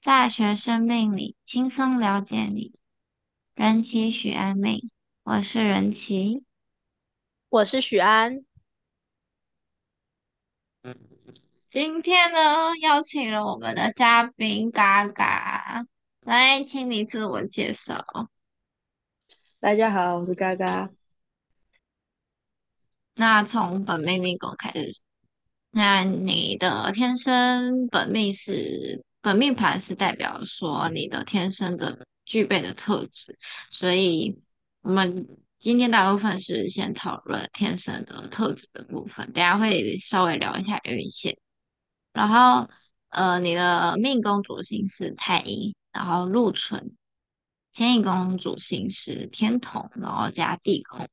大學生命理輕鬆了解你，人奇、煦銨，我是人奇，我是煦銨。今天呢，邀請了我們的嘉賓嘎嘎。來，請你自我介紹。大家好，我是嘎嘎。那從本命命宮開始，那你的天生本命是？命盤是代表說你的天生的具備的特質，所以我們今天大部分是先討論天生的特質的部分，等下會稍微聊一下運線。然後，呃，你的命宮主星是太陰，然後祿存；遷移宮主星是天同，然後加地空。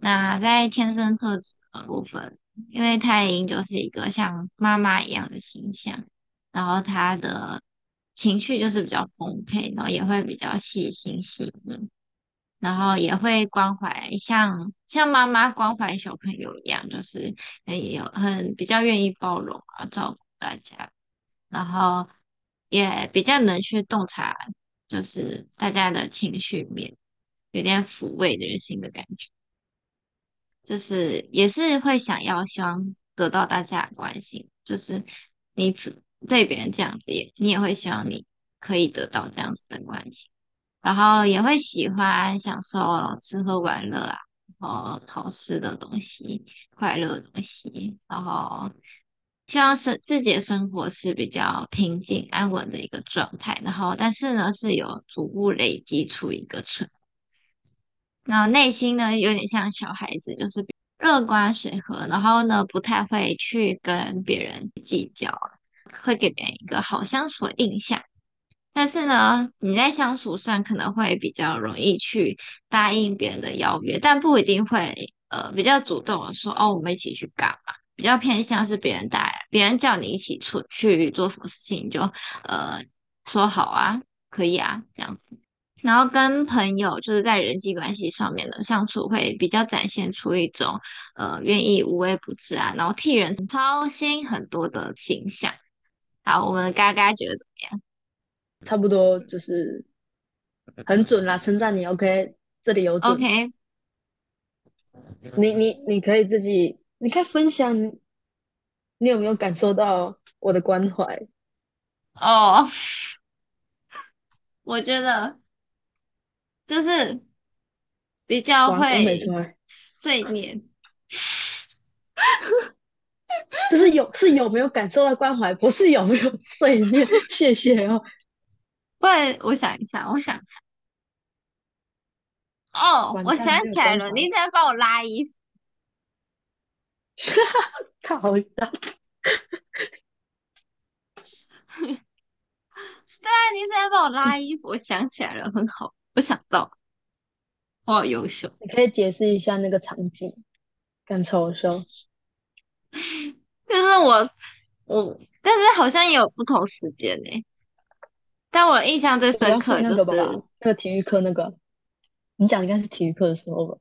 那在天生特質的部分，因為太陰就是一個像媽媽一樣的形象。然後他的情緒就是比較豐沛，然後也會比較細心、細膩，然後也會關懷像，像像媽媽關懷小朋友一樣，就是很有很比較願意包容啊，照顧大家，然後也比較能去洞察，就是大家的情緒面，有點撫慰人心的感覺，就是也是會想要希望得到大家的關心，就是你只。對別人這樣子也，你也會希望你可以得到這樣子的關心，然後也會喜歡享受吃喝玩樂啊，然後好吃的東西、快樂的東西，然後希望是自己的生活是比較平靜安穩的一個狀態。然後，但是呢，是有逐步累積出一個成，那內心呢有點像小孩子，就是樂觀隨和，然後呢不太會去跟別人計較了。會給別人一個好相處的印象，但是呢，你在相處上可能會比較容易去答應別人的邀約，但不一定會呃比較主動的說哦，我們一起去幹嘛？比較偏向是別人帶，別人叫你一起出去做什麼事情，你就呃說好啊，可以啊這樣子。然後跟朋友就是在人際關係上面的相處，會比較展現出一種呃願意無微不至啊，然後替人操心很多的形象。好，我們嘎嘎覺得怎麼樣？差不多就是很準啦，稱讚你。OK，這裡有準。OK，你你你可以自己，你可以分享，你有沒有感受到我的關懷？哦、oh, 我覺得就是比較會睡眠。 就是有是有沒有感受到關懷，不是有沒有碎裂。 謝謝哦。不然我想一下，我想哦，oh, 我想起來了，你在幫我拉衣服。哈哈哈，好大笑, 對啊，你在幫我拉衣服， 我想起來了，很好，我想到，哦，優秀。你可以解釋一下那個場景，很抽象。 就是我，我但是好像也有不同時間呢、欸。但我印象最深刻就是、就是、體育課那個，你講應該是體育課的時候吧？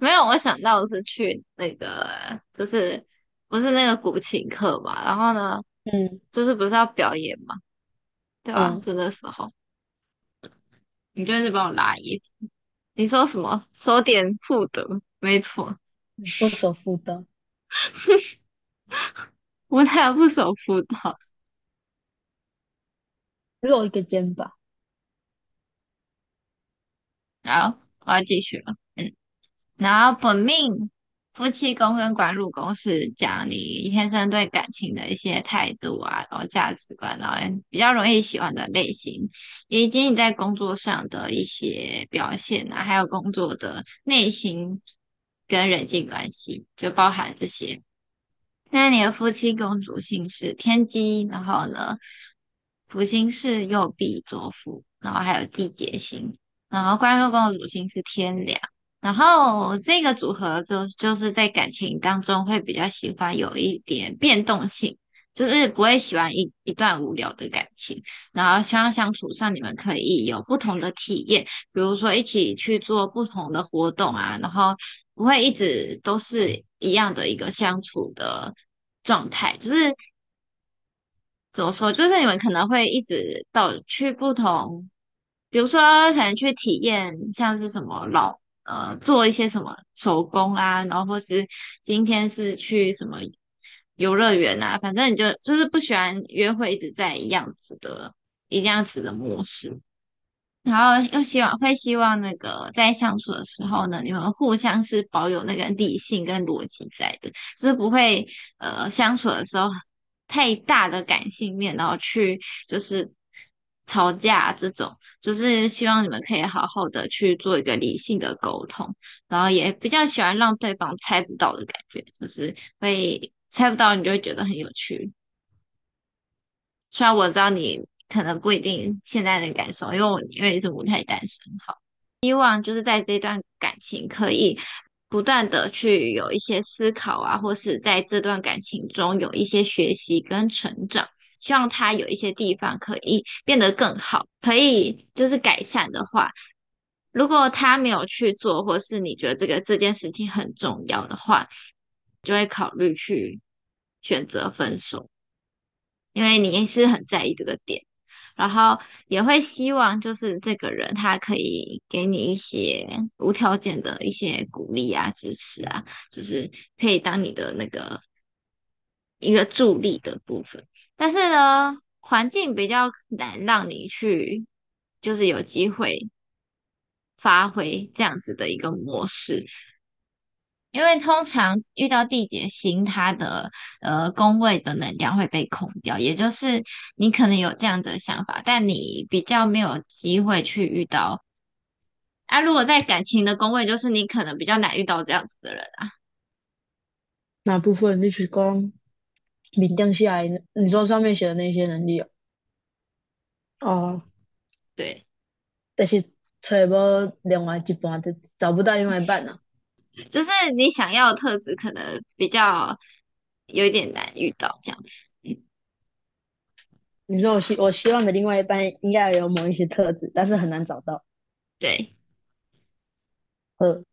沒有，我想到的是去那個，就是不是那個古琴課嘛？然後呢，嗯，就是不是要表演嘛？對吧、啊？是、嗯、那時候，你就是一直幫我拉衣服。你說什麼？說點福德，沒錯，你說說福的。 我太不守婦道，露一個肩膀。好，我要繼續了。嗯，然後本命夫妻宮跟官祿宮是講你天生對感情的一些態度啊，然後價值觀，然後比較容易喜歡的類型，以及你在工作上的一些表現啊，還有工作的內心。跟人際關係就包含這些。那你的夫妻宮主星是天機，然後呢，福星是右弼左輔，然後還有地劫星，然後官祿宮主星是天梁。然後這個組合就就是在感情當中會比較喜歡有一點變動性。就是不會喜歡一一段無聊的感情，然後希望相處上你們可以有不同的體驗，比如說一起去做不同的活動啊，然後不會一直都是一樣的一個相處的狀態。就是怎麼說，就是你們可能會一直到去不同，比如說可能去體驗像是什麼老，呃，做一些什麼手工啊，然後或是今天是去什麼。遊樂園吶，反正你就就是不喜歡約會，一直在一樣子的一樣子的模式，然後又希望會希望那個在相處的時候呢，你們互相是保有那個理性跟邏輯在的，就是不會呃相處的時候太大的感性面，然後去就是吵架這種，就是希望你們可以好好的去做一個理性的溝通，然後也比較喜歡讓對方猜不到的感覺，就是會。猜不到你就會覺得很有趣。雖然我知道你可能不一定現在的感受，因為我因為你是母胎單身，好，希望就是在這段感情可以不斷的去有一些思考啊，或是在這段感情中有一些學習跟成長。希望他有一些地方可以變得更好，可以就是改善的話，如果他沒有去做，或是你覺得這個這件事情很重要的話，就會考慮去選擇分手，因為你是很在意這個點，然後也會希望就是這個人他可以給你一些無條件的一些鼓勵啊、支持啊，就是可以當你的那個一個助力的部分。但是呢，環境比較難讓你去，就是有機會發揮這樣子的一個模式。因為通常遇到地劫星，他的呃宮位的能量會被空掉，也就是你可能有這樣子的想法，但你比較沒有機會去遇到。啊，如果在感情的宮位，就是你可能比較難遇到這樣子的人啊。哪部分你是講明定下來？你說上面寫的那些能力啊？哦，對，但是找不到另外一半，就找不到另外一半了，啊 就是你想要的特質，可能比較有一點難遇到這樣子。你說我希我希望的另外一半應該要有某一些特質，但是很難找到。對。嗯。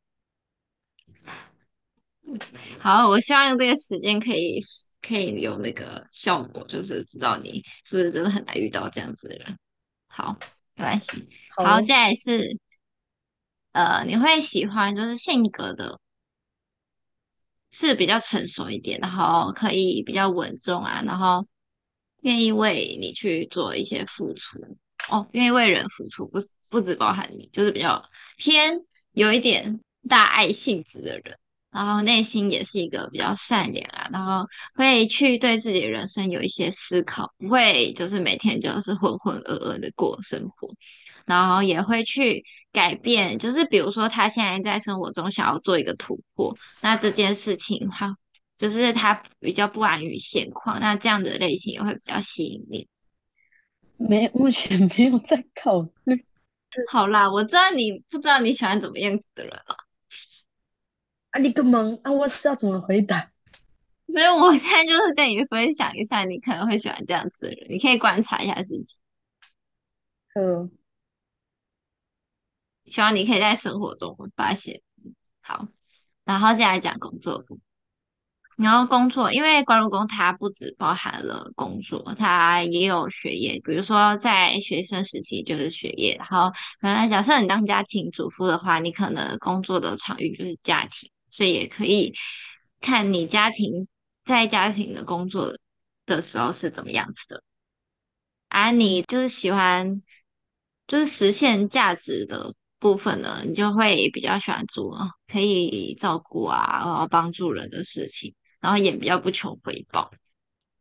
好，我希望用這個時間可以可以有那個效果，就是知道你是不是真的很難遇到這樣子的人。好，沒關係。好，再來是。呃，你會喜歡就是性格的是比較成熟一點，然後可以比較穩重啊，然後願意為你去做一些付出哦，願意為人付出，不不只包含你，就是比較偏有一點大愛性質的人，然後內心也是一個比較善良啊，然後會去對自己人生有一些思考，不會就是每天就是渾渾噩噩的過生活。然後也會去改變，就是比如說他現在在生活中想要做一個突破，那這件事情哈，就是他比較不安於現況，那這樣的類型也會比較吸引你。沒，目前沒有在考慮。 好啦，我知道你不知道你喜歡怎麼樣子的人了。啊你個萌啊！我知道怎麼回答？所以我現在就是跟你分享一下，你可能會喜歡這樣子的人，你可以觀察一下自己。嗯。希望你可以在生活中發現。好，然後接下來講工作，然後工作，因為官祿宮它不只包含了工作，它也有學業，比如說在學生時期就是學業，然後可能假設你當家庭主婦的話，你可能工作的場域就是家庭，所以也可以看你家庭、在家庭的工作的時候是怎麼樣子的，啊，你就是喜歡就是實現價值的。部分呢，你就會比較喜歡做可以照顧啊，然後幫助人的事情，然後也比較不求回報。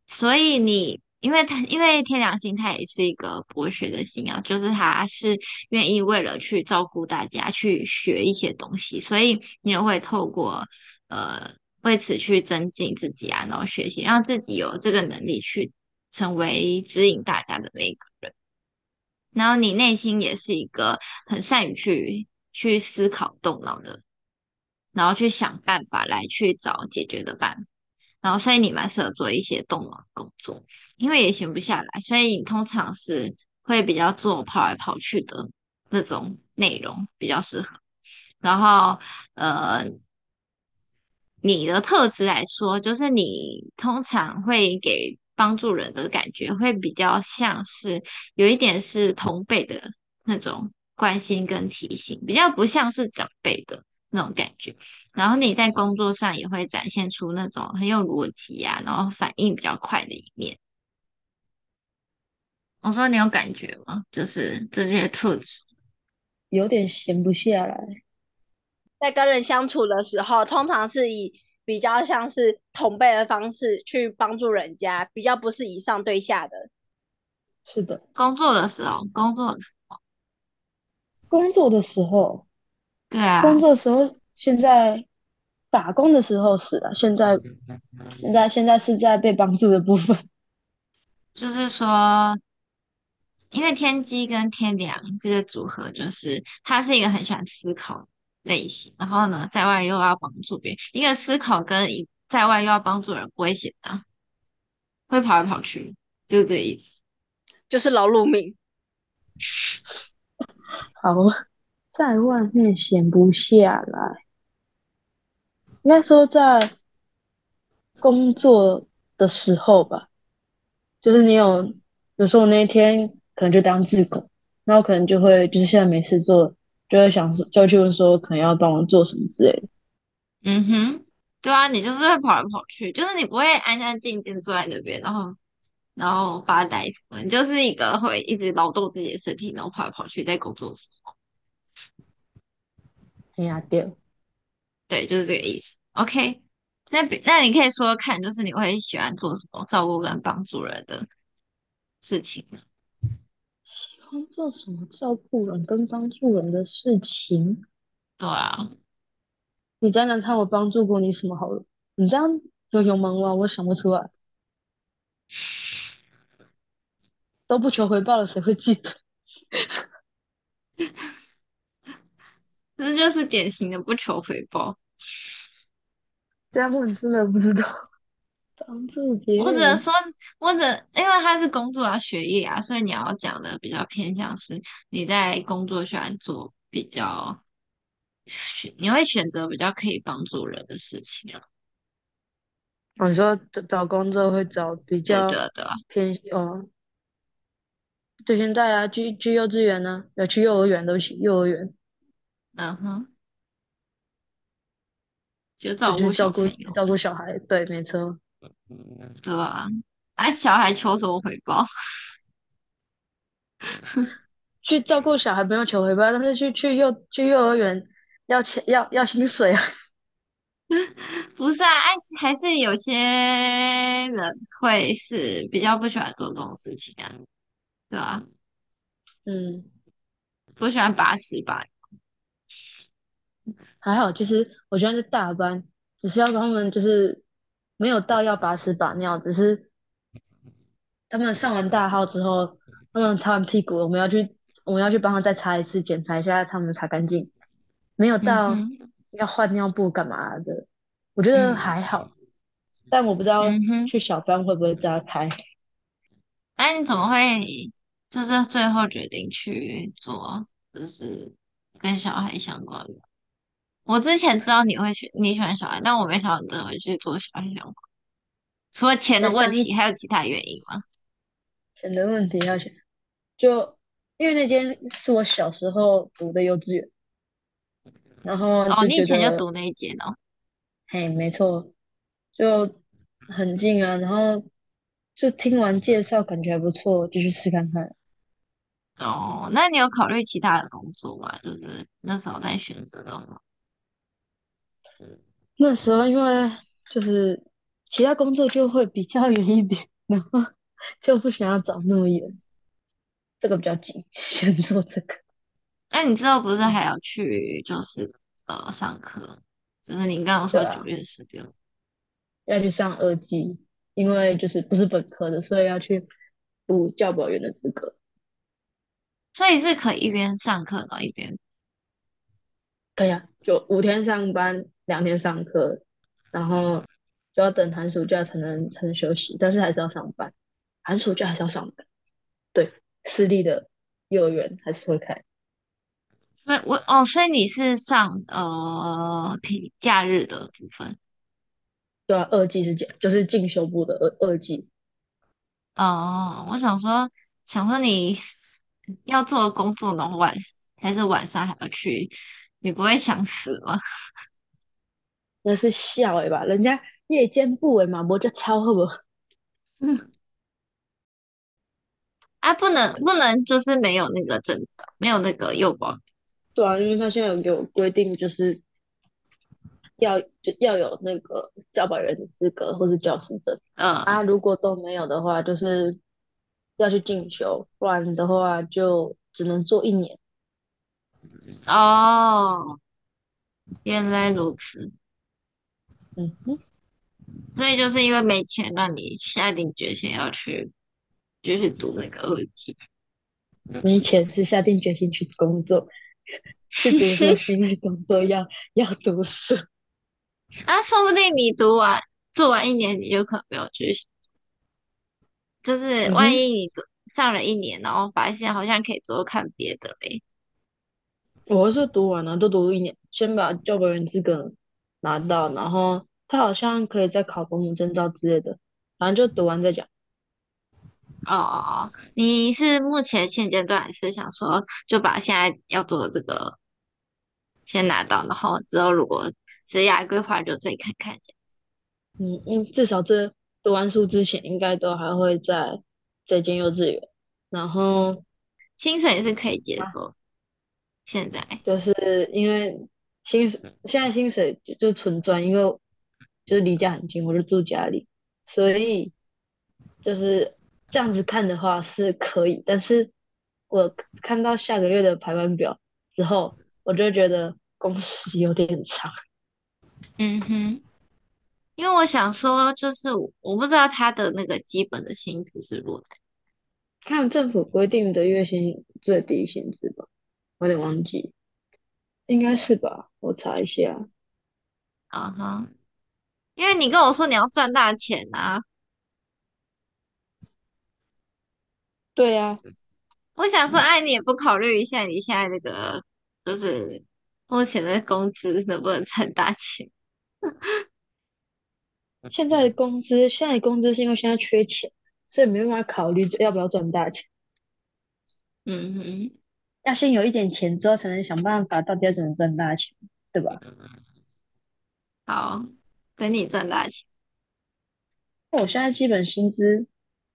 所以你，因為他，因為天梁星，他也是一個博學的星啊，就是他是願意為了去照顧大家，去學一些東西。所以你也會透過呃，為此去增進自己啊，然後學習，讓自己有這個能力去成為指引大家的那一個人。然後你內心也是一個很善於去去思考動腦的，然後去想辦法來去找解決的辦法，然後所以你蠻適合做一些動腦工作，因為也閒不下來，所以你通常是會比較做跑來跑去的那種內容比較適合。然後呃，你的特質來說，就是你通常會給。幫助人的感覺會比較像是有一點是同輩的那種關心跟提醒，比較不像是長輩的那種感覺。然後你在工作上也會展現出那種很有邏輯啊，然後反應比較快的一面。我說你有感覺嗎？就是這些特質，有點閒不下來。在跟人相處的時候，通常是以。比較像是同輩的方式去幫助人家，比較不是以上對下的。是的，工作的時候，工作的時候，工作的時候，對啊，工作的時候，現在打工的時候是的、啊，現在，現在，現在是在被幫助的部分，就是說，因為天機跟天梁這個組合，就是他是一個很喜歡思考。類型，然後呢，在外又要幫助別人，一個思考跟一在外又要幫助人，不會閒的，會跑來跑去，就是這個意思，就是勞碌命。好，在外面閒不下來，應該說在工作的時候吧，就是你有，有時候那一天可能就當自貢，然後可能就會就是現在沒事做。就在想，就就是說，可能要幫我做什麼之類的。嗯哼，對啊，你就是會跑來跑去，就是你不會安安靜靜坐在那邊，然後然後發呆什麼。你就是一個會一直勞動自己的身體，然後跑來跑去在工作的時候。哎、嗯、呀、啊，對，對，就是這個意思。OK，那那你可以說看，就是你會喜歡做什麼，照顧跟幫助人的事情做什麼照顧人跟幫助人的事情？對啊，你講講看我幫助過你什麼好了。你這樣就有蠻了，我想不出來，都不求回報了，誰會記得？ 這就是典型的不求回報。這樣，你真的不知道幫助別人。我只能說。或者因為他是工作啊、學業啊，所以你要講的比較偏向是你在工作上做比較選，你會選擇比較可以幫助人的事情啊。你說找找工作會找比較的的，偏哦，就現在啊，去去幼稚園呢、啊，有去幼兒園都行，幼兒園。嗯、uh、哼 -huh，就照顧就照顧照顧小孩，對，沒錯，對吧、啊？愛、啊、小孩求什麼回報？ 去照顧小孩不用求回報，但是去去幼去幼兒園要錢要要薪水啊！不是啊，愛還是有些人會是比較不喜歡做這種事情啊，對吧、啊？嗯，不喜歡拔屎吧。還好，其、就、實、是、我覺得是大班，只是要他們就是沒有到要拔屎拔尿，只是。他們上完大號之後，他們擦完屁股，我們要去，我們要去幫他再擦一次，檢查一下他們擦乾淨沒有到，到、嗯、要換尿布幹嘛的。我覺得還好，嗯、但我不知道、嗯、去小班會不會扎開。哎、啊，你怎麼會就是最後決定去做就是跟小孩相關的？我之前知道你會去你喜歡小孩，但我沒想到你會去做小孩相關。除了錢的問題，還有其他原因嗎？選擇問題要選，就因為那間是我小時候讀的幼稚園，然後哦，你以前就讀那一間哦？嘿，沒錯，就很近啊，然後就聽完介紹，感覺還不錯，就去試看看。哦，那你有考慮其他的工作嗎？就是那時候在選擇中嗎？那時候因為就是其他工作就會比較遠一點，然後。 就不想要找那麼遠，這個比較急，先做這個。哎，你之後不是還要去就是呃上課？就是你剛剛說九月十六、啊、要去上二級，因為就是不是本科的，所以要去補教保員的資格。所以是可以一邊上課的，一邊？可以啊，就五天上班，兩天上課，然後就要等寒暑假才能才能休息，但是還是要上班。寒暑假還是要上的，對，私立的幼兒園還是會開。那我哦，所以你是上呃平假日的部分？對啊，二技是進就是進修部的二二技。哦，我想說，想說你要做工作，的晚還是晚上還要去，你不會想死嗎？那是笑的、欸、吧？人家夜間部的嘛，無就超好不？嗯。哎、啊，不能不能，就是沒有那個證沒有那個幼保。對啊，因為他現在有給我規定，就是要就要有那個教保員的資格或是教師證。嗯啊，如果都沒有的話，就是要去進修，不然的話就只能做一年。哦，原來如此。嗯哼，所以就是因為沒錢，讓你下定決心要去。就是讀那個二級。你以前是下定決心去工作，嗯、去讀是因為工作要 要讀書。啊，說不定你讀完做完一年，你有可能沒有去，就是萬一你讀、嗯、上了一年，然後發現好像可以多看別的嘞。我是讀完啊，都讀了一年，先把教保員資格拿到，然後他好像可以再考保姆證照之類的，反正就讀完再講。哦哦哦！你是目前現階段是想說就把現在要做的這個先拿到，然後之後如果職業規劃就再看看這樣子。嗯，因、嗯、為至少這讀完書之前，應該都還會再再進幼稚園，然後薪水是可以接受、啊。現在就是因為薪水現在薪水就就純賺，因為就是離家很近，我就住家裡，所以就是。這樣子看的話是可以，但是我看到下個月的排班表之後，我就覺得工時有點長。嗯哼，因為我想說，就是我不知道他的那個基本的薪資是落在看政府規定的月薪最低薪資吧，我有點忘記，應該是吧？我查一下。啊、嗯、哈，因為你跟我說你要賺大錢啊。對呀、啊，我想說，哎，你也不考慮一下你現在那個，就是目前的工資能不能賺大錢？ 現？現在的工資，現在的工資是因為現在缺錢，所以沒辦法考慮要不要賺大錢。嗯嗯嗯，要先有一點錢之後，才能想辦法到底要怎麼賺大錢，對吧？嗯、好，等你賺大錢。那我現在基本薪資。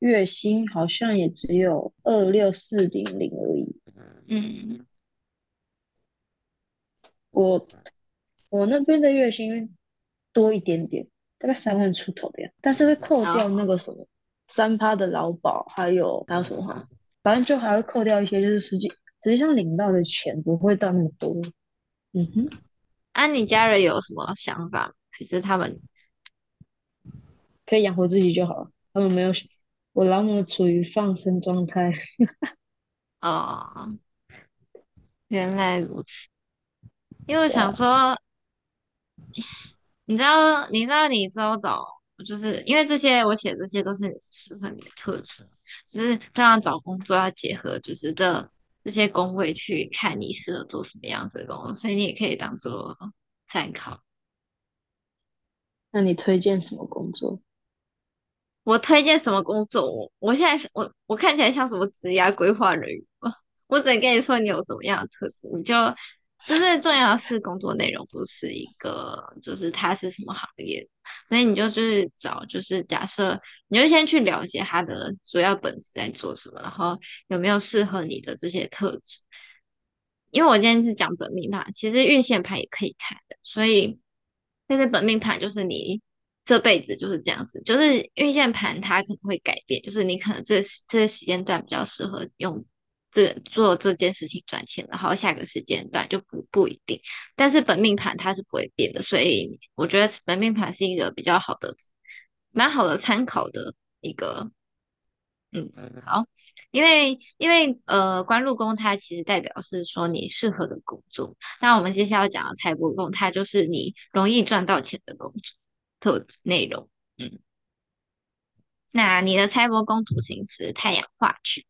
月薪好像也只有二六四零零而已。嗯，我我那邊的月薪多一點點，大概三萬出頭的樣子。但是會扣掉那個什麼三趴的勞保，哦，還有還有什麼哈，反正就還會扣掉一些，就是實際實際上領到的錢不會到那麼多。嗯哼，啊，你家人有什麼想法？其實他們可以養活自己就好了。他們沒有想。我老母處於放生狀態。哦、 oh，原來如此。因為我想說，yeah. 你知道，你知道，你招找，就是因為這些，我寫這些都是十分的特質，就是當然，找工作要結合，就是這這些工位去看你適合做什麼樣子的工作，所以你也可以當做參考。那你推薦什麼工作？我推薦什麼工作？我我現在是，我我看起來像什麼職業規劃人員。我只能跟你說，你有什麼樣的特質，你就就是重要的是工作內容，不是一個就是它是什麼行業，所以你就去是找就是假設，你就先去了解它的主要本質在做什麼，然後有沒有適合你的這些特質。因為我今天是講本命盤，其實運限盤也可以看的，所以這些本命盤就是你。這輩子就是這樣子，就是運限盤它可能會改變，就是你可能這這個時間段比較適合用這做這件事情賺錢，然後下個時間段就不不一定。但是本命盤它是不會變的，所以我覺得本命盤是一個比較好的、蠻好的參考的一個，嗯嗯，好，因為因為呃，官祿宮它其實代表是說你適合的工作，那我們接下來要講的財帛宮它就是你容易賺到錢的工作內容，嗯，那你的財帛宮主星是太陽化權，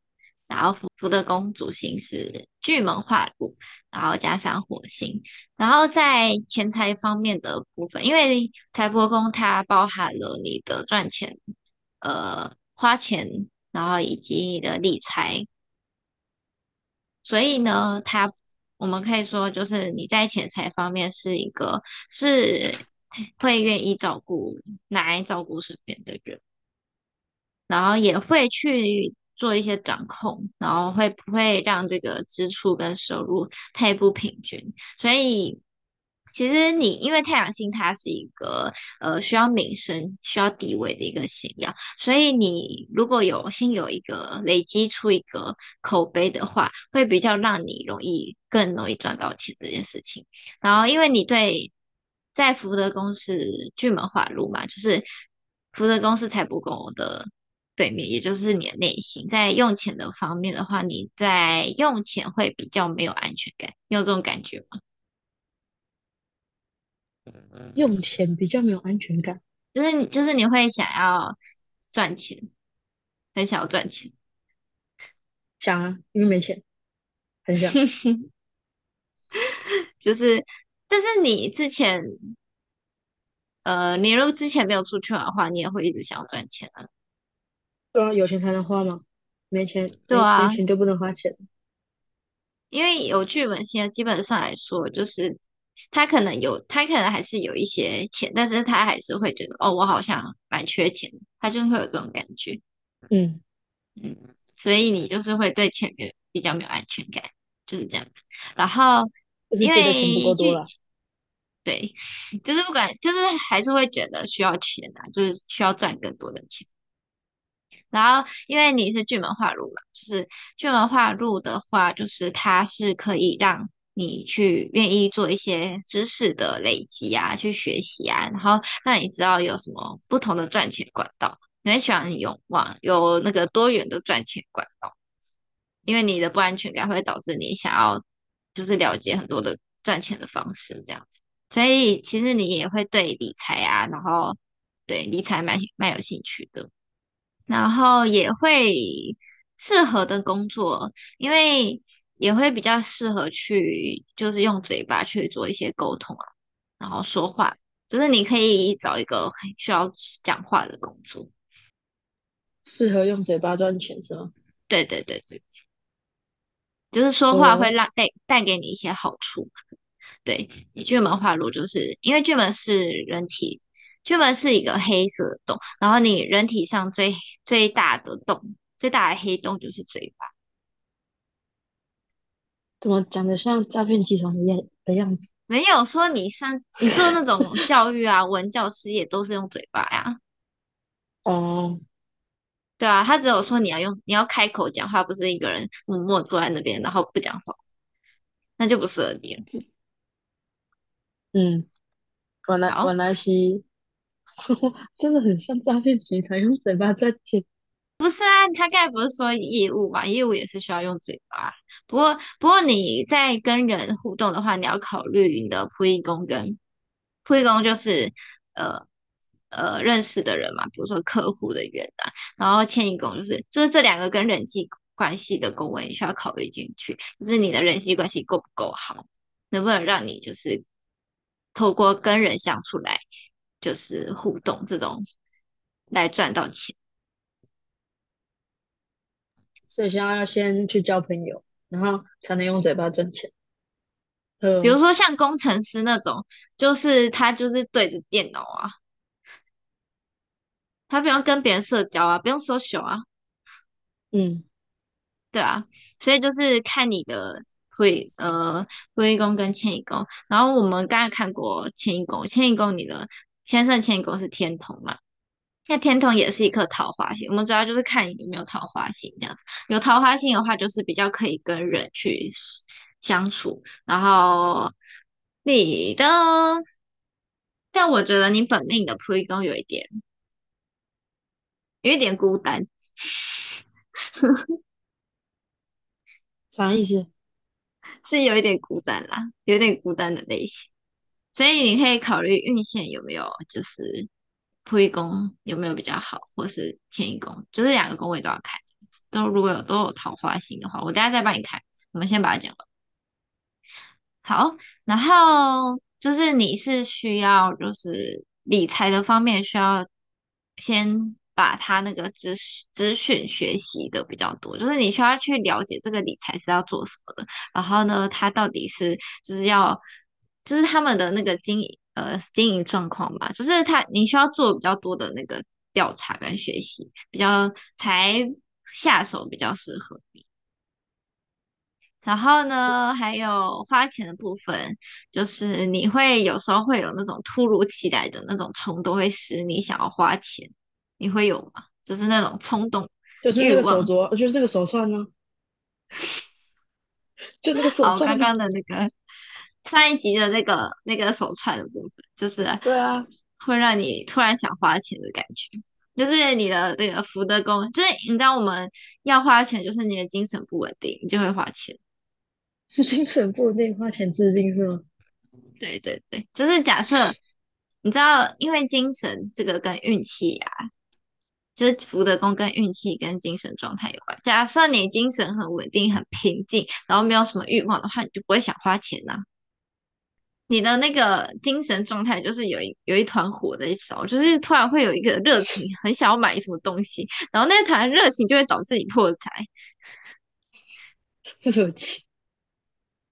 然後福福德宮主星是巨門化祿，然後加上火星，然後在錢財方面的部分，因為財帛宮它包含了你的賺錢、呃花錢，然後以及你的理財，所以呢，它我們可以說就是你在錢財方面是一個是。會願意照顧哪來照顧身邊的人，然後也會去做一些掌控，然後會不會讓這個支出跟收入太不平均？所以其實你因為太陽星它是一個呃需要名聲、需要地位的一個星曜。所以你如果有先有一個累積出一個口碑的話，會比較讓你容易更容易賺到錢這件事情。然後因為你對。在福德宮，巨門化祿嘛？就是福德宮財帛宮的對面，也就是你的內心。在用錢的方面的話，你在用錢會比較沒有安全感，你有這種感覺嗎？用錢比較沒有安全感，就是你，就是你會想要賺錢，很想要賺錢，想啊，因為沒錢，很想， 就是。但是你之前，呃，你如果之前沒有出去玩的話，你也會一直想要賺錢啊。嗯、啊，有錢才能花嘛。沒錢，對啊沒，沒錢就不能花錢。因為有巨門星，基本上來說，就是他可能有，他可能還是有一些錢，但是他還是會覺得，哦，我好像蠻缺錢，他就會有這種感覺。嗯嗯，所以你就是會對錢比較沒有安全感，就是這樣子。然後，因為劇。就是對，就是不管，就是還是會覺得需要錢吶、啊，就是需要賺更多的錢。然後，因為你是巨門化祿嘛，就是巨門化祿的話，就是它是可以讓你去願意做一些知識的累積啊，去學習啊，然後讓你知道有什麼不同的賺錢管道。你會喜歡有往有那個多元的賺錢管道，因為你的不安全感會導致你想要就是了解很多的賺錢的方式，這樣子。所以其實你也會對理財啊，然後對理財蠻蠻有興趣的，然後也會適合的工作，因為也會比較適合去就是用嘴巴去做一些溝通啊，然後說話，就是你可以找一個需要講話的工作。適合用嘴巴賺錢是嗎？對對對對，就是說話會讓帶、哦、帶給你一些好處。對，你巨門化祿，就是因為巨門是人體，巨門是一個黑色的洞，然後你人體上最最大的洞，最大的黑洞就是嘴巴。怎麼講得像詐騙集團一樣的樣子？沒有說你像，你做那種教育啊， 文教事業也都是用嘴巴呀、啊。哦、嗯，對啊，他只有說你要用，你要開口講話，不是一個人默默坐在那邊然後不講話，那就不適合你了。嗯，原來原來是呵呵，真的很像詐騙集團用嘴巴賺錢。不是啊，他該不是說業務吧？業務也是需要用嘴巴。不過，不過你在跟人互動的話，你要考慮你的僕役宮跟僕役宮就是呃呃認識的人嘛，比如說客戶的緣啊，然後遷移宮，就是就是這兩個跟人際關係的宮位，你需要考慮進去，就是你的人際關係夠不夠好，能不能讓你就是。透過跟人相處來，就是互動這種來賺到錢。所以現在要先去交朋友，然後才能用嘴巴賺錢。嗯。比如說像工程師那種，就是他就是對着電腦啊，他不用跟別人社交啊，不用 social 啊。嗯，對啊，所以就是看你的。會、呃，呃僕役宮跟遷移宮，然後我們剛才看過遷移宮，遷移宮你的先生遷移宮是天同嘛。那天同也是一顆桃花星，我們主要就是看你有沒有桃花星這樣子，有桃花星的話就是比較可以跟人去相處。然後你的，但我覺得你本命的僕役宮有一點，有一點孤單，長一些。是有一點孤單啦，有點孤單的類型，所以你可以考慮運線有沒有，就是僕役宮有沒有比較好，或是遷移宮，就是兩個宮位都要看。都如果有都有桃花星的話，我等下再幫你看。我們先把它講完。好，然後就是你是需要，就是理財的方面需要先。把他那個知資訊學習的比較多，就是你需要去了解這個理財是要做什麼的。然後呢，他到底是就是要就是他們的那個經營呃經營狀況嘛，就是他你需要做比較多的那個調查跟學習，比較才下手比較適合你。然後呢，還有花錢的部分，就是你會有時候會有那種突如其來的那種衝動，會使你想要花錢。你會有嗎？就是那種衝動，就是欲望，就是那個手鐲，就是這個手串呢，啊， 就那個手串。剛剛的那個上一集的那個那個手串的部分，就是對啊，會讓你突然想花錢的感覺。啊，就是你的那個福德宮，就是你知道我們要花錢，就是你的精神不穩定，你就會花錢。 精神不穩定，花錢治病是嗎？對對對，就是假設 你知道，因為精神這個跟運氣啊。就是福德宮跟運氣跟精神狀態有關。假設你精神很穩定、很平靜，然後沒有什麼慾望的話，你就不會想花錢吶、啊。你的那個精神狀態就是有一有一團火的時候，就是突然會有一個熱情，很想要買什麼東西，然後那團熱情就會導致你破財。破財。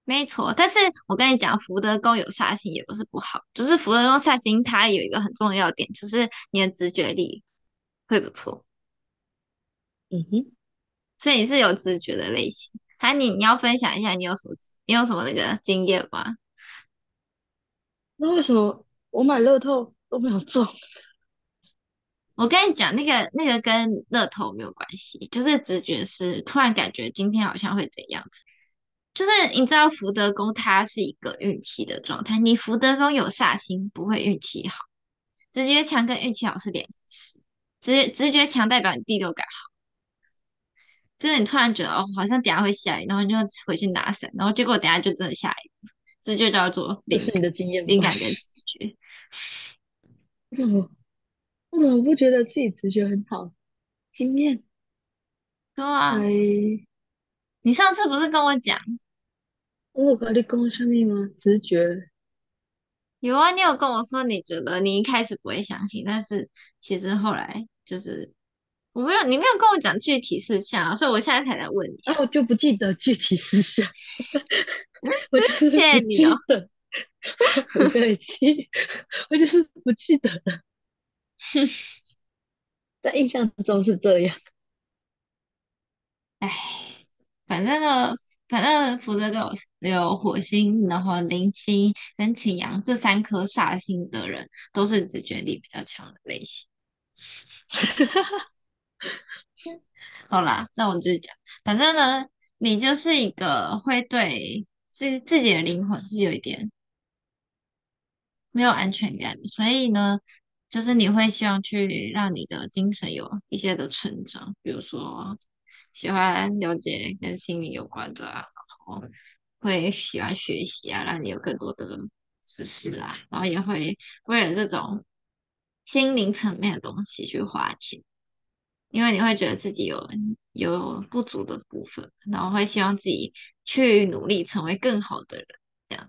沒錯，但是我跟你講，福德宮有煞星也不是不好，就是福德宮煞星它有一個很重要的點，就是你的直覺力。會不錯，嗯哼，所以你是有直覺的類型，還、啊、你你要分享一下你有什麼你有什麼那個經驗嗎？那為什麼我買樂透都沒有中？我跟你講，那個那個跟樂透沒有關係，就是直覺是突然感覺今天好像會怎樣子，就是你知道福德宮它是一個運氣的狀態，你福德宮有煞星，不會運氣好，直覺強跟運氣好是兩回事。直覺直覺強代表你第六感好，就是你突然覺得、哦、好像等下會下雨，然後你就回去拿傘，然後結果等下就真的下雨，直覺叫做這是你的經驗，敏感跟直覺。為什麼？為什麼不覺得自己直覺很好？經驗？對啊。對你上次不是跟我講？我有跟你講什麼嗎？直覺。有啊，你有跟我說，你覺得你一開始不會相信，但是其實後來就是我沒有，你沒有跟我講具體事項、啊、所以我現在才來問你。啊。那，啊、我就不記得具體事項， 我就是不記得，不對，哦， 我，很累 我就是不記得了。 在印象中是這樣，哎，反正呢。反正福德都有有火星，然後鈴星跟擎羊這三顆煞星的人，都是直覺力比較強的類型。 好啦，那我們繼續講。反正呢，你就是一個會對自自己的靈魂是有一點沒有安全感的，所以呢，就是你會希望去讓你的精神有一些的成長，比如說。喜歡了解跟心理有關的啊，然後會喜歡學習啊，讓你有更多的知識啊，然後也會為了這種心靈層面的東西去花錢，因為你會覺得自己有有不足的部分，然後會希望自己去努力成為更好的人，這樣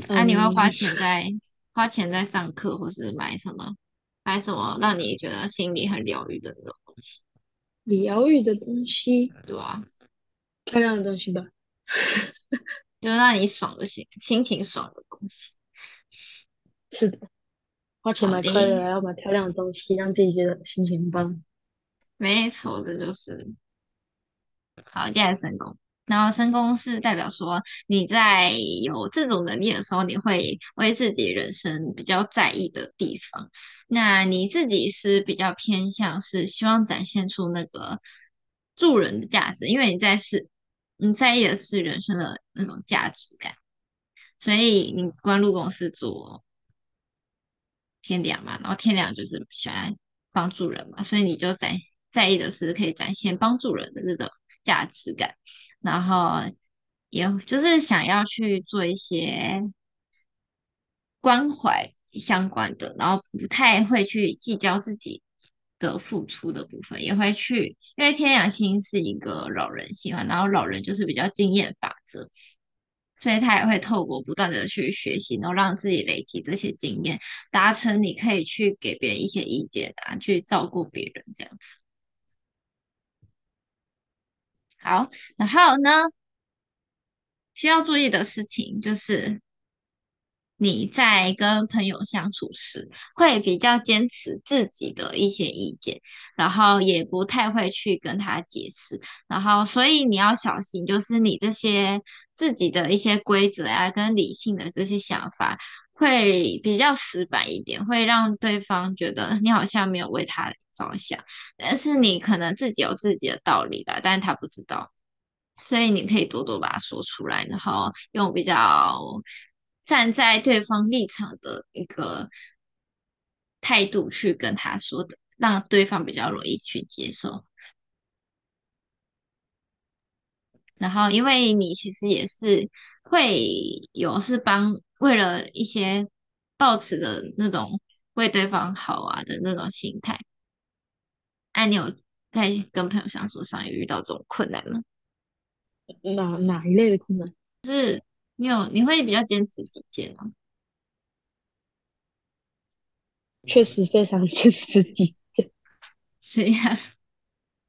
子。嗯，那你會花錢在，嗯，花錢在上課，或是買什麼買什麼讓你覺得心理很療癒的那種東西？療癒的東西，對啊，漂亮的東西吧，就讓你爽就行，心情爽的東西，是的，花錢買快樂，然後買漂亮的東西，讓自己覺得心情棒，沒錯，這就是。好，接下來神然後身宮是代表說你在有這種能力的時候，你會為自己人生比較在意的地方。那你自己是比較偏向是希望展現出那個助人的價值，因為你在是你在意的是人生的那種價值感，所以你官祿宮是做天梁嘛，然後天梁就是喜歡幫助人嘛，所以你就在在意的是可以展現幫助人的這種。價值感，然後也就是想要去做一些關懷相關的，然後不太會去計較自己的付出的部分，也會去，因為天梁星是一個老人星啊，然後老人就是比較經驗法則，所以他也會透過不斷的去學習，然後讓自己累積這些經驗，達成你可以去給別人一些意見啊，去照顧別人這樣子。好，然後呢，需要注意的事情就是，你在跟朋友相處時，會比較堅持自己的一些意見，然後也不太會去跟他解釋，然後所以你要小心，就是你這些自己的一些規則啊，跟理性的這些想法。會比較死板一點，會讓對方覺得你好像沒有為他着想，但是你可能自己有自己的道理吧，但是他不知道，所以你可以多多把他說出來，然後用比較站在對方立場的一個態度去跟他說的，讓對方比較容易去接受。然後因為你其實也是會有是幫。為了一些抱持的那種為對方好啊的那種心態，哎、啊，你有在跟朋友相處上有遇到這種困難嗎？哪哪一類的困難？就是你有你會比較堅持己見嗎？確實非常堅持己見。對呀。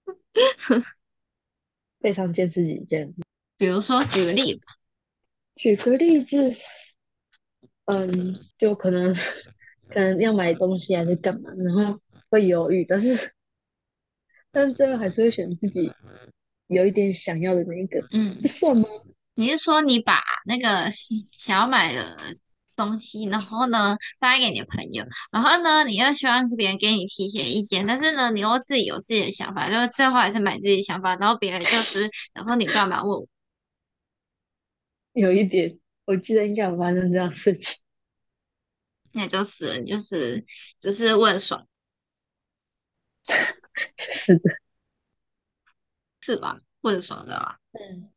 非常堅持己見。比如說，舉個例吧，舉個例子。舉個例子。嗯，就可能可能要買東西還是幹嘛，然後會猶豫，但是但是最後還是會選自己有一點想要的那一個。嗯，是嗎？你是說你把那個想要買的東西，然後呢發給你的朋友，然後呢，你又希望別人給你提些意見，但是呢，你又自己有自己的想法，就最後還是買自己的想法，然後別人就是 想說你幹嘛問我？有一點。我記得應該有發生這樣的事情，那就是就是只是問爽。 是的，是吧？問爽的吧。嗯，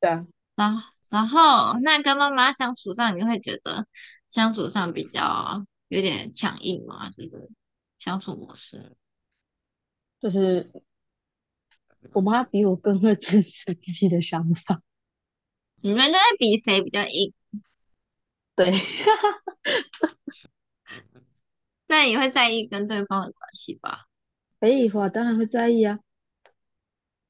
對啊。然、啊、然後，那跟媽媽相處上，你會覺得相處上比較有點強硬嗎？就是相處模式，就是我媽比我更會堅持自己的想法。你們都在比誰比較硬，對。 那你會在意跟對方的關係吧？可以的話，我當然會在意啊。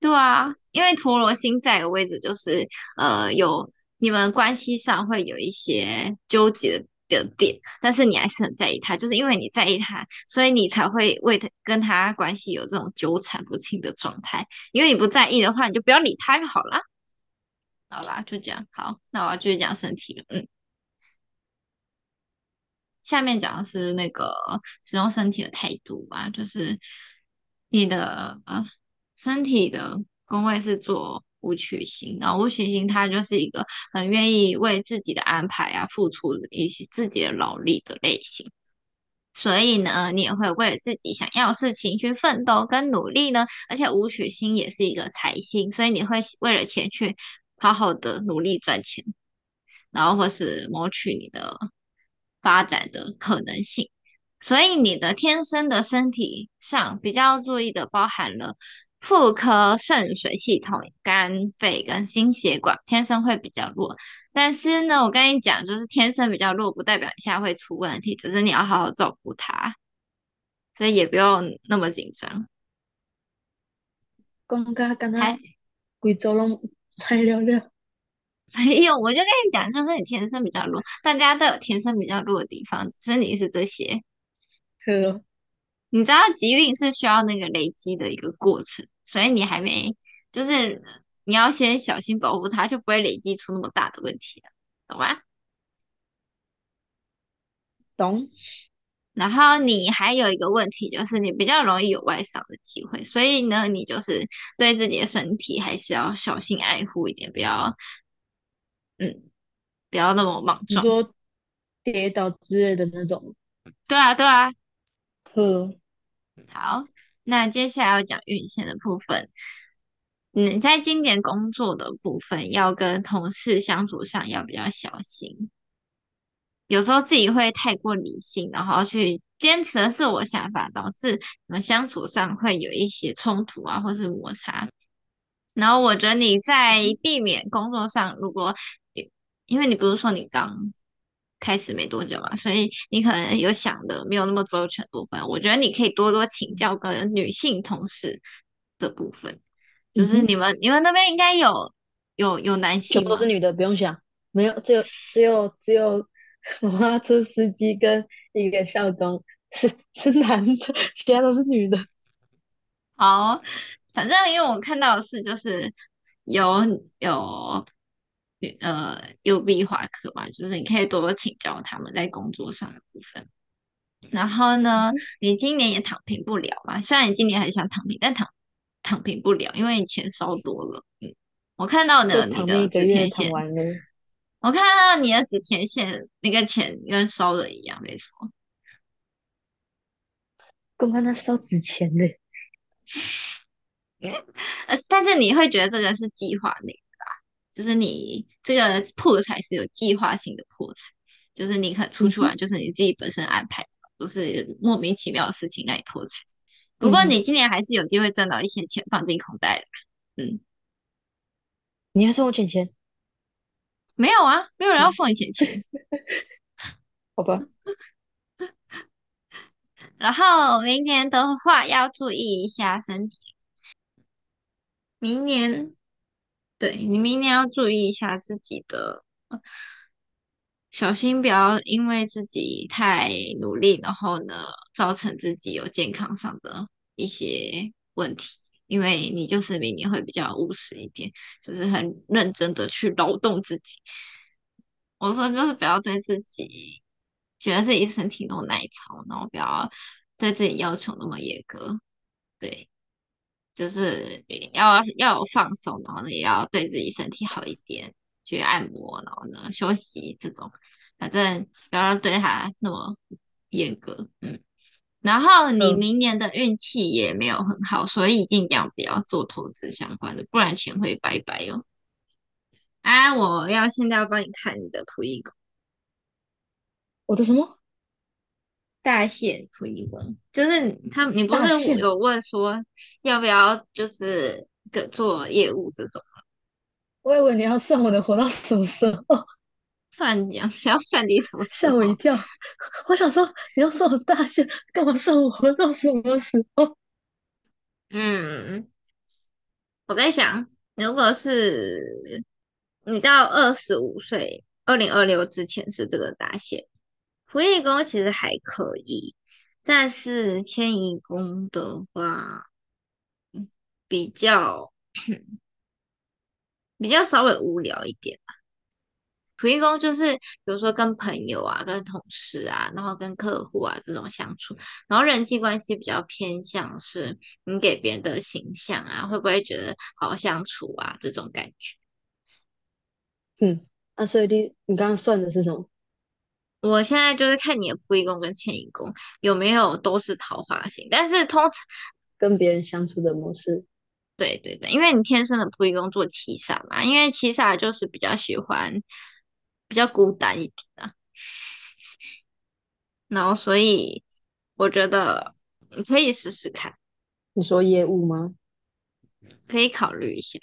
對啊，因為陀羅星在的位置就是，呃，有你們關係上會有一些糾結的點，但是你還是很在意他，就是因為你在意他，所以你才會為他跟他關係有這種糾纏不清的狀態。因為你不在意的話，你就不要理他就好了。好啦，就這樣。好，那我要繼續講身體了。嗯，下面講的是那個使用身體的態度吧，就是你的呃身體的宮位是坐武曲星，然後武曲星它就是一個很願意為自己的安排啊付出一些自己的勞力的類型，所以呢，你也會為了自己想要的事情去奮鬥跟努力呢。而且武曲星也是一個財星，所以你會為了錢去。好好的努力賺錢，然後或是謀取你的發展的可能性。所以你的天生的身體上比較注意的，包含了婦科、腎水系統、肝肺跟心血管，天生會比較弱。但是呢，我跟你講，就是天生比較弱，不代表你現在會出問題，只是你要好好照顧它，所以也不用那麼緊張。剛剛跟他貴州還聊聊？沒有，我就跟你講，就是你天生比較弱，大家都有天生比較弱的地方，只是你是這些。對。你知道，吉運是需要那個累積的一個過程，所以你還沒，就是你要先小心保護它，就不會累積出那麼大的問題，懂嗎？懂。然後你還有一個問題，就是你比較容易有外傷的機會，所以呢，你就是對自己的身體還是要小心愛護一點，不要，嗯，不要那麼莽撞，比如說跌倒之類的那種。對啊，對啊。嗯。好，那接下來要講運勢的部分。你、嗯、在今年工作的部分，要跟同事相處上要比較小心。有時候自己會太過理性，然後去堅持自我想法，導致你們相處上會有一些衝突啊，或是摩擦。然後我覺得你在避免工作上，如果因為你不是說你剛開始沒多久嘛，所以你可能有想的沒有那麼周全部分。我覺得你可以多多請教跟女性同事的部分，就是你們、嗯、你們那邊應該有有有男性，全部都是女的，不用想，沒有，只有只有只有。只有我花車司機跟一個校工，是是男的，其他都是女的。好，反正因為我看到的是，就是有有呃 U B 華科嘛，就是你可以多多請教他們在工作上的部分。然後呢，你今年也躺平不了嘛？雖然你今年很想躺平，但躺躺平不了，因為你錢燒多了。嗯，我看到的你的一個月錢。我看到你的紙錢線，那個錢跟燒的一樣，沒錯。剛剛在燒紙錢嘞。 但是你會覺得這個是計劃內的吧？就是你這個破財是有計劃性的破財，就是你看，這個就是，出去玩，就是你自己本身安排的，嗯，不是莫名其妙的事情讓你破財。不過你今年還是有機會賺到一些錢放進口袋的，嗯。你要送我卷錢？沒有啊，沒有人要送你錢去。 好吧， 然後明年的話要注意一下身體。明年，對，你明年要注意一下自己的，小心不要因為自己太努力，然後呢，造成自己有健康上的一些問題。因為你就是明年會比較務實一點，就是很認真的去勞動自己。我說就是不要對自己覺得自己身體那麼耐操，然後不要對自己要求那麼嚴格。對，就是要要有放鬆，然後呢也要對自己身體好一點，去按摩，然後呢休息這種，反正不要對他那麼嚴格，嗯。然後你明年的運氣也沒有很好，嗯、所以儘量不要做投資相關的，不然錢會拜拜哦。哎、啊，我要現在要幫你看你的僕役宮。我的什麼？大限僕役宮？就是他，你不是有問說要不要就是個做業務這種嗎？我以為你要算我能活到什麼時候。 算你？誰要算你什麼？嚇我一跳！我想說，你要算我大限幹嘛算我活到什麼時候？嗯，我在想，如果是你到二十五歲，二零二六之前是這個大限，僕役宮其實還可以，但是遷移宮的話，比較比較稍微無聊一點僕役宮就是，比如說跟朋友啊、跟同事啊，然後跟客戶啊這種相處，然後人際關係比較偏向是你給別人的形象啊，會不會覺得好相處啊？這種感覺，嗯，啊，所以你你剛剛算的是什麼？我現在就是看你的僕役宮跟遷移宮有沒有都是桃花星，但是通常跟別人相處的模式，對對對，因為你天生的僕役宮坐七殺嘛，因為七殺就是比較喜歡。比較孤單一點啊， 然後所以我覺得你可以試試看。你說業務嗎？可以考慮一下。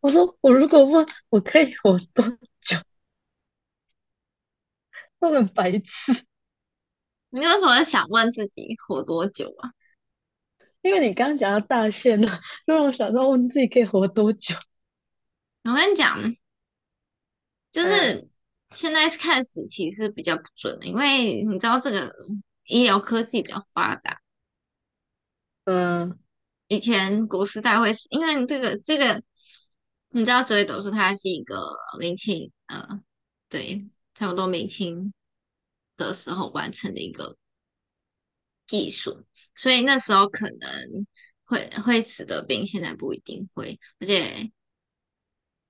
我說我如果問我可以活多久，那很白痴。你有什麼想問自己活多久啊？因為你剛剛講到大限了，就讓我想到問自己可以活多久。我跟你講。就是現在是看死期是比較不準的，嗯，因為你知道這個醫療科技比較發達。嗯，以前古時代會死，因為這個這個，你知道紫微斗數它是一個明清呃，對，差不多明清的時候完成的一個技術，所以那時候可能會會死的病，現在不一定會。而且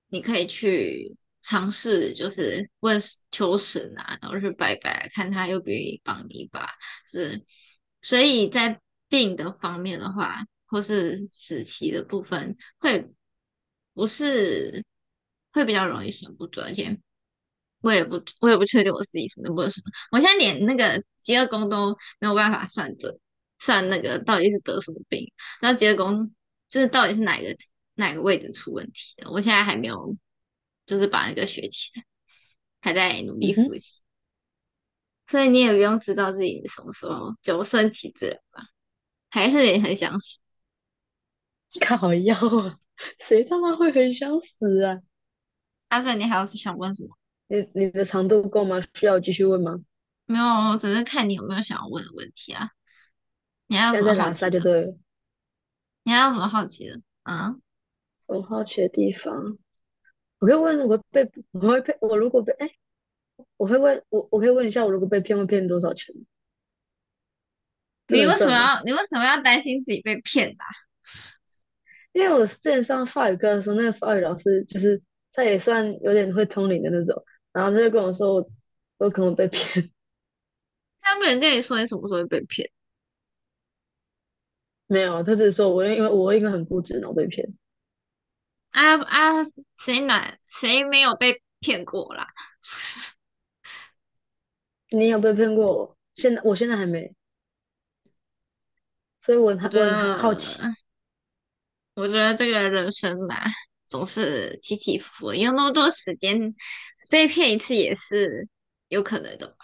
你可以去。嘗試就是問求神吶、啊，然後去拜拜，看他又不願意幫你吧，是。所以在病的方面的話，或是死期的部分，會不是會比較容易算不準，而且我也不我也不確定我自己能不能算。我現在連那個疾厄宮都沒有辦法算準，算那個到底是得什麼病，然後疾厄宮就是到底是哪個哪個位置出問題了，我現在還沒有。就是把那個學起來，還在努力複習，嗯、所以你也不用知道自己什麼時候就順其自然吧？還是也很想死？靠腰啊！誰他媽會很想死啊？阿、啊、順，你還要想問什麼？你你的長度夠嗎？需要繼續問嗎？沒有，我只是看你有沒有想要問的問題啊。你還有什麼好奇的？在在對你還有什麼好奇的？啊、嗯？我好奇的地方。我可以問，我被我會被我如果被哎，我會問我我可以問一下，我如果被騙會騙你多少錢？你為什麼要你為什麼要擔心自己被騙的、啊？因為我之前上法語課的時候，那個法語老師就是他也算有點會通靈的那種，然後他就跟我說我，我可能被騙。他沒有跟你說你什麼時候被騙？沒有，他只是說，我因為我應該很固執，然後被騙。啊啊！誰、啊、難？誰沒有被騙過啦？你有被騙過我？現在我現在還沒，所以我他真的很好奇。我覺得這個人生吧，總是起起伏伏，有那麼多時間被騙一次也是有可能的吧。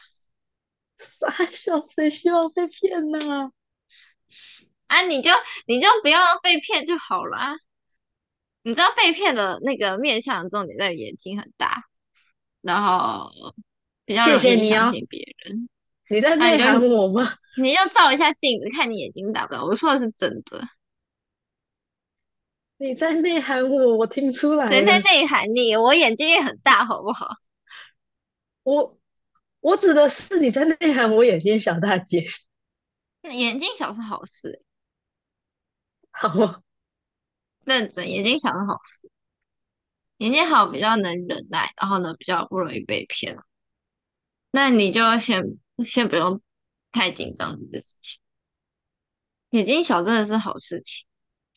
發笑，誰希望被騙呢、啊？啊，你就你就不要被騙就好了。你知道被騙的那個面相中你的眼睛很大，然後比較容易相信別人。謝謝你、啊。你在內涵我嗎？啊、你要照一下鏡子，看你眼睛大不大。我說的是真的。你在內涵我，我聽出來。誰在內涵你？我眼睛也很大，好不好？我我指的是你在內涵我，眼睛小大姐。眼睛小是好事。好。認真，眼睛小的好事，眼睛好比較能忍耐，然後呢，比較不容易被騙了。那你就先先不用太緊張這件事情。眼睛小真的是好事情。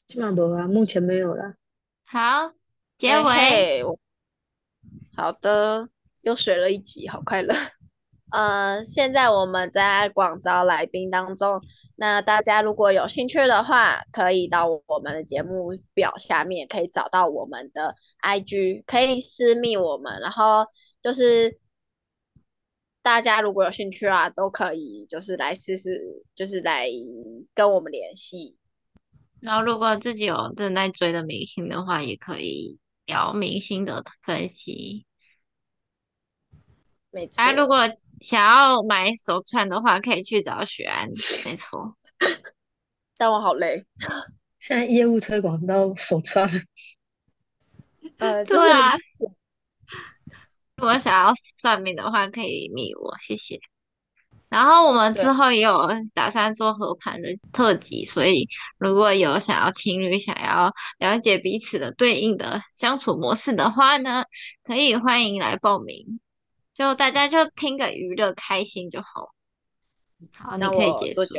基本上多啦，目前沒有啦。好，結尾 hey, hey。好的，又水了一集，好快樂。呃，現在我們在廣招來賓當中，那大家如果有興趣的話，可以到我們的節目表下面可以找到我們的 IG，可以私密我們，然後就是大家如果有興趣啊，都可以就是來試試，就是來跟我們聯繫。然後如果自己有正在追的明星的話，也可以聊明星的分析。哎，如果。想要買手串的話，可以去找煦銨，沒錯。但我好累， 現在業務推廣到手串。 呃，對啊。如果想要算命的話，可以密我，謝謝。然後我們之後也有打算做合盤的特輯，所以如果有想要情侶想要了解彼此的對應的相處模式的話呢，可以歡迎來報名。就大家就聽個娛樂開心就好了，好，那我結束，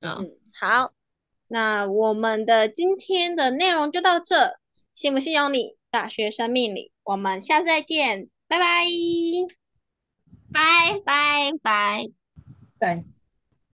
嗯。嗯，好，那我們的今天的內容就到這，信不信由你，大學生命理，我們下次再見，拜拜，拜拜拜，拜。